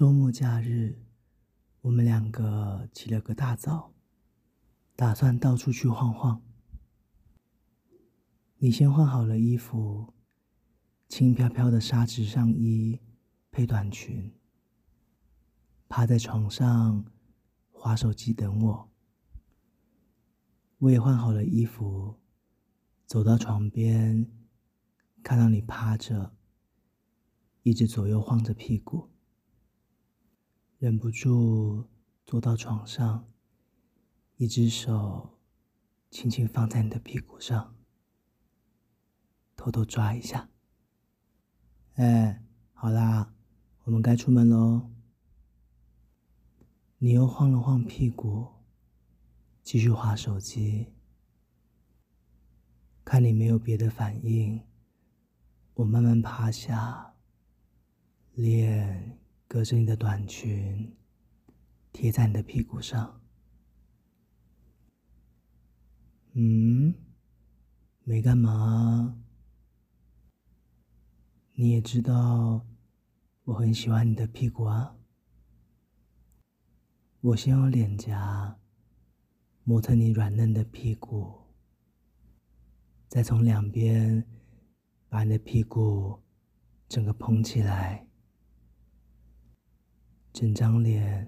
周末假日，我們兩個起了個大早，打算到處去晃晃。你先換好了衣服，輕飄飄的紗質上衣配短裙，趴在床上滑手機等我。我也換好了衣服，走到床邊，看到你趴着，一直左右晃着屁股。忍不住坐到床上，一隻手輕輕放在你的屁股上，偷偷抓一下。哎，好啦，我們該出門嘍。你又晃了晃屁股，繼續滑手機。看你沒有別的反應，我慢慢趴下，臉，隔着你的短裙，貼在你的屁股上。嗯，沒幹嘛。你也知道，我很喜歡你的屁股啊。我先用臉頰，摩蹭你軟嫩的屁股，再從兩邊把你的屁股整個捧起來。整張臉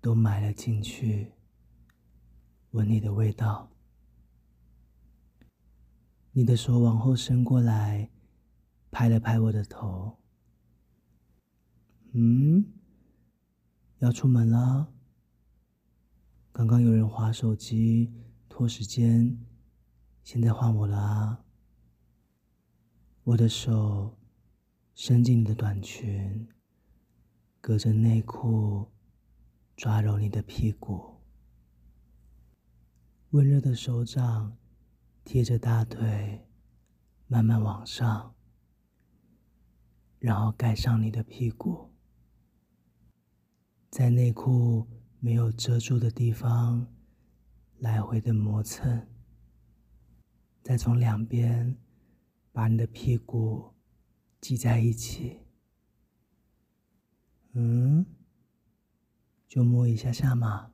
都埋了進去，聞你的味道。你的手往後伸過來，拍了拍我的頭。嗯，要出門了。剛剛有人滑手機拖時間，現在換我了啊。我的手伸進你的短裙。隔着內褲抓揉你的屁股，溫熱的手掌貼着大腿慢慢往上，然後蓋上你的屁股，在內褲沒有遮住的地方來回的磨蹭，再從兩邊把你的屁股擠在一起。嗯，就摸一下下嘛。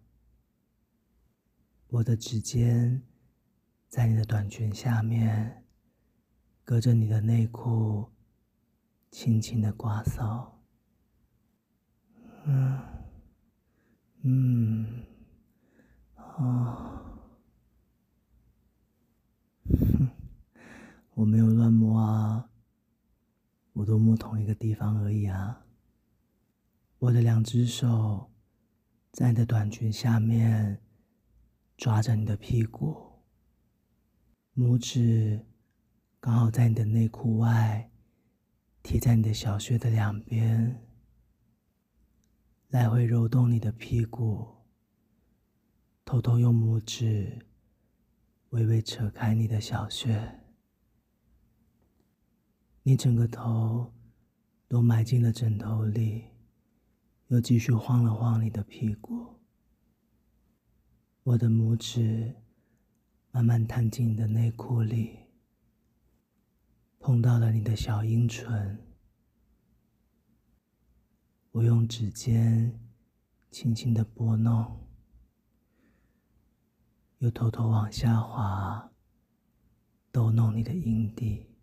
我的指尖在你的短裙下面，隔着你的內褲，輕輕的刮掃。嗯，嗯，啊、哦。哼， 我沒有亂摸啊，我都摸同一個地方而已啊。我的兩只手，在你的短裙下面抓着你的屁股，拇指剛好在你的內褲外貼在你的小穴的兩邊，來回揉動你的屁股，偷偷用拇指微微扯開你的小穴，你整個頭都埋進了枕頭裡。又繼續晃了晃你的屁股，我的拇指慢慢探進你的內褲裡，碰到了你的小陰唇，我用指尖輕輕的撥弄，又偷偷往下滑，逗弄你的陰蒂。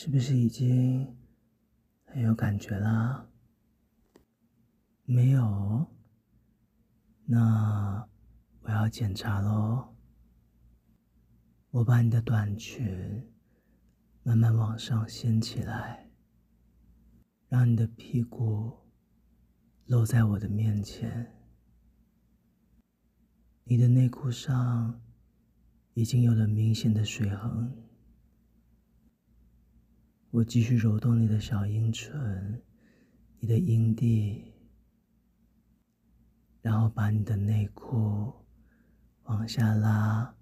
是不是已經很有感覺了？沒有，那我要檢查嘍。我把你的短裙慢慢往上掀起來，讓你的屁股露在我的面前。你的內褲上已經有了明顯的水痕。我繼續揉動你的小陰唇，你的陰蒂，然後把你的內褲往下拉，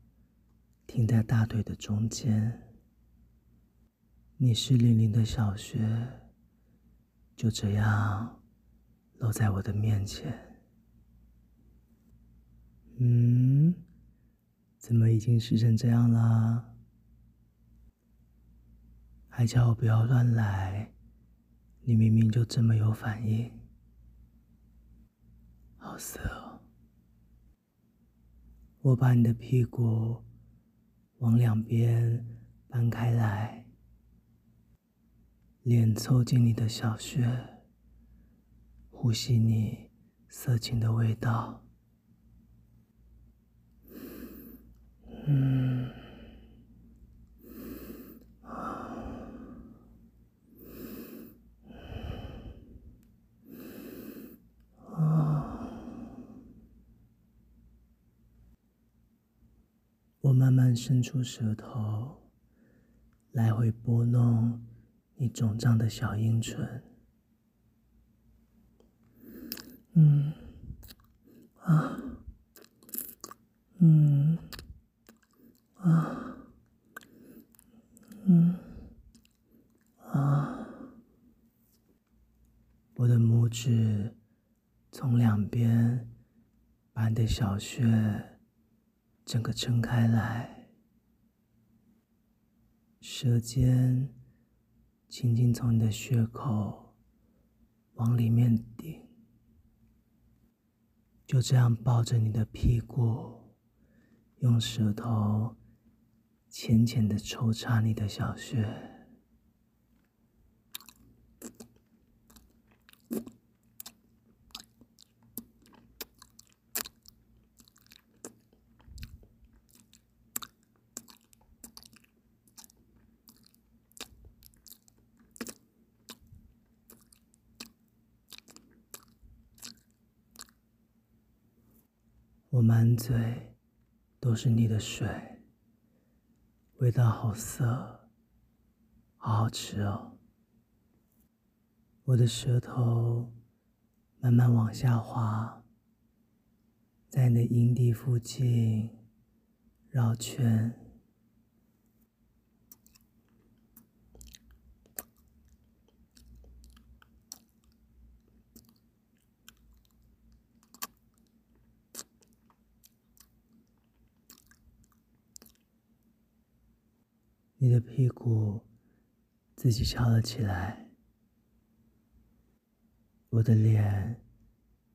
停在大腿的中間。你濕淋淋的小穴就這樣露在我的面前。嗯，怎麼已經濕成這樣了？還叫我不要亂來，你明明就這麼有反應，好色哦！我把你的屁股往兩邊搬開來，臉湊近你的小穴，呼吸你色情的味道，嗯。慢慢伸出舌頭，來回撥弄你腫脹的小陰唇。嗯，啊，嗯，啊，嗯，啊，我的拇指從兩邊把你的小穴，整個撐開來，舌尖輕輕從你的穴口往裡面頂，就這樣抱着你的屁股，用舌頭淺淺的抽插你的小穴。我滿嘴都是你的水，味道好色，好好吃哦。我的舌頭慢慢往下滑，在你的陰蒂附近繞圈。你的屁股自己翹了起來，我的臉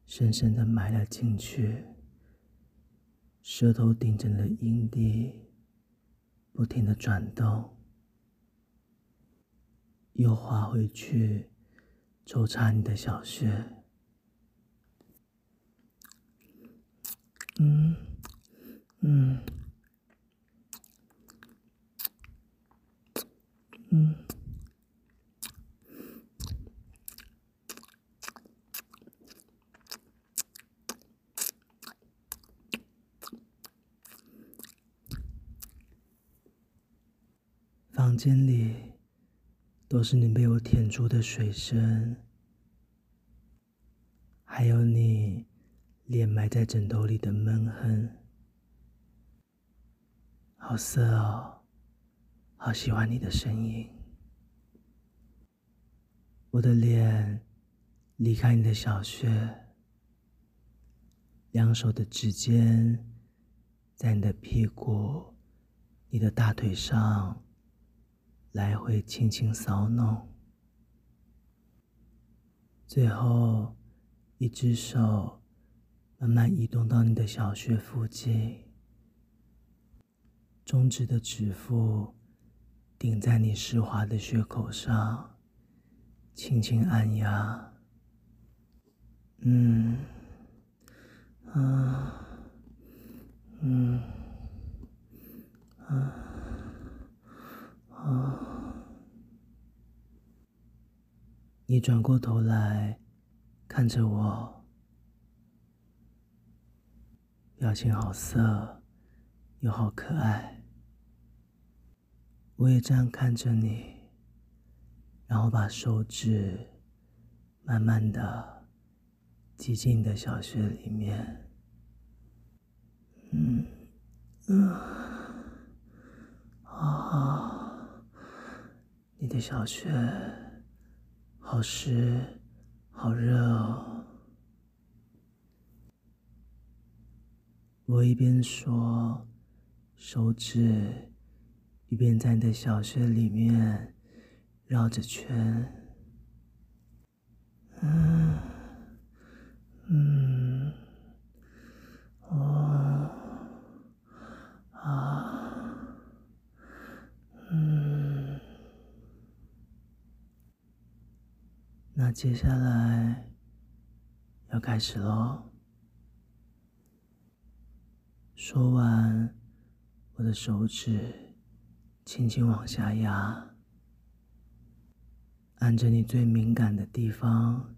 深深的埋了進去，舌頭頂着你的陰蒂，不停的轉動，又滑回去，抽插你的小穴。嗯，嗯。嗯，房間裡都是你被我舔出的水聲，還有你臉埋在枕頭裡的悶哼，好色哦。好喜歡你的聲音，我的臉離開你的小穴，兩手的指尖在你的屁股、你的大腿上來回輕輕搔弄，最後一隻手慢慢移動到你的小穴附近，中指的指腹。頂在你濕滑的穴口上，輕輕按壓。嗯，啊，嗯，啊，啊。你轉過頭來看着我，表情好色，又好可愛。我也這樣看着你，然後把手指慢慢地擠進你的小穴裡面。嗯，嗯，啊、哦，你的小穴好濕，好熱哦。我一邊說，手指。一邊在你的小穴裡面繞着圈，嗯嗯，哦啊嗯，那接下來要開始咯。說完，我的手指。輕輕往下壓，按着你最敏感的地方，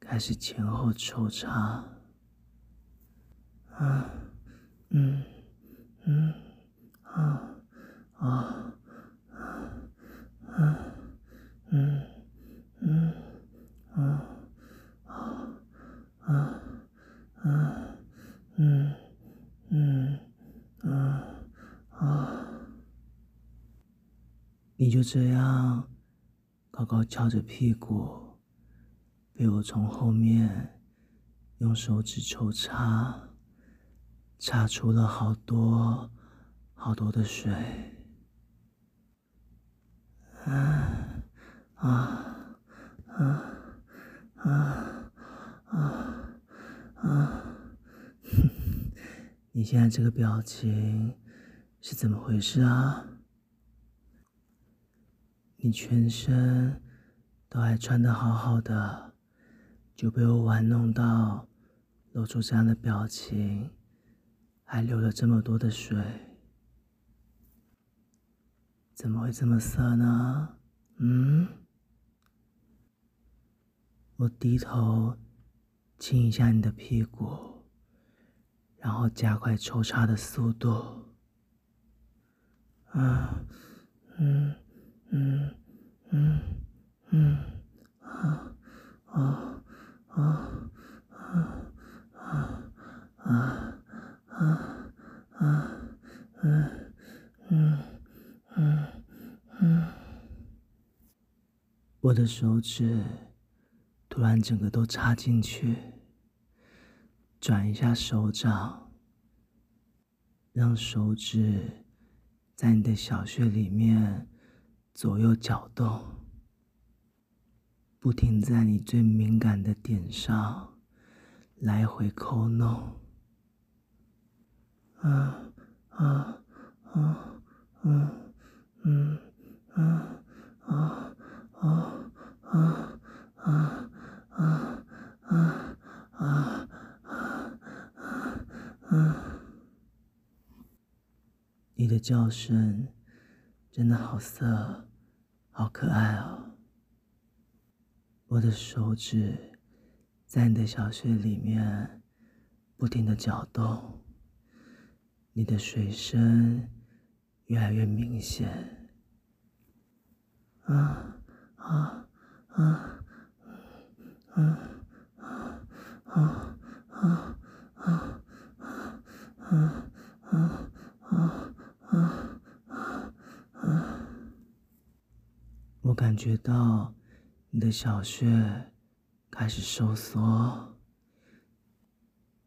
開始前後抽插。啊，嗯。這樣，高高翹着屁股，被我從後面用手指抽插，插出了好多好多的水。啊啊啊啊啊！啊啊啊啊 你現在這個表情是怎麼回事啊？你全身都還穿得好好的，就被我玩弄到露出這樣的表情，還流了這麼多的水，怎麼會這麼色呢？嗯，我低頭親一下你的屁股，然後加快抽插的速度。啊，嗯。嗯嗯嗯啊啊啊啊啊啊啊嗯嗯嗯嗯，我的手指突然整個都插進去，轉一下手掌，讓手指在你的小穴裡面。左右攪動，不停在你最敏感的點上來回摳弄，啊啊啊啊，嗯啊啊啊啊啊啊啊，啊啊啊啊啊啊啊你的叫聲真的好色。好可愛哦！我的手指在你的小穴裡面不停的攪動，你的水聲越來越明顯。啊啊啊啊啊啊啊啊！我感覺到，你的小穴開始收縮，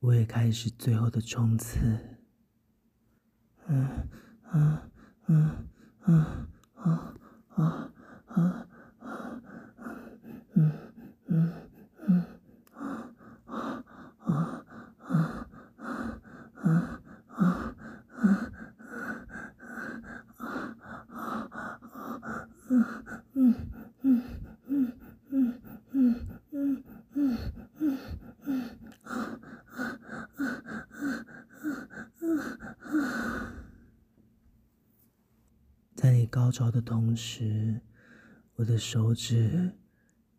我也開始是最後的衝刺。嗯嗯嗯嗯啊啊啊啊嗯嗯。嗯嗯嗯嗯嗯嗯嗯嗯高潮的同時，我的手指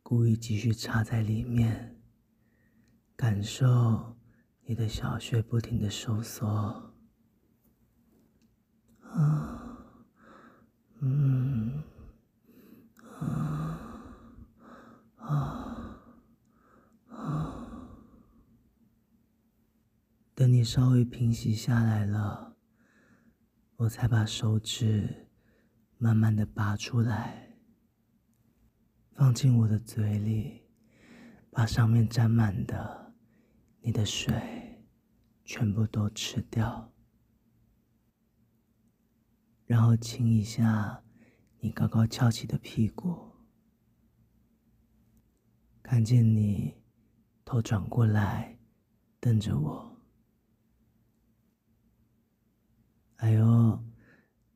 故意繼續插在裡面，感受你的小穴不停的收縮。啊，嗯，啊，啊，啊，等你稍微平息下來了，我才把手指。慢慢的拔出來，放進我的嘴裡，把上面沾滿的你的水全部都吃掉，然後親一下你高高翹起的屁股，看見你頭轉過來瞪着我，哎呦。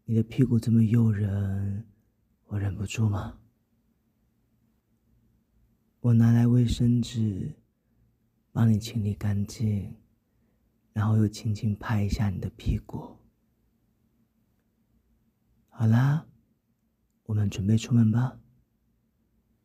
你的屁股這麼誘人，我忍不住嗎？我拿來衛生紙，幫你清理乾淨，然後又輕輕拍一下你的屁股。好啦，我們準備出門吧。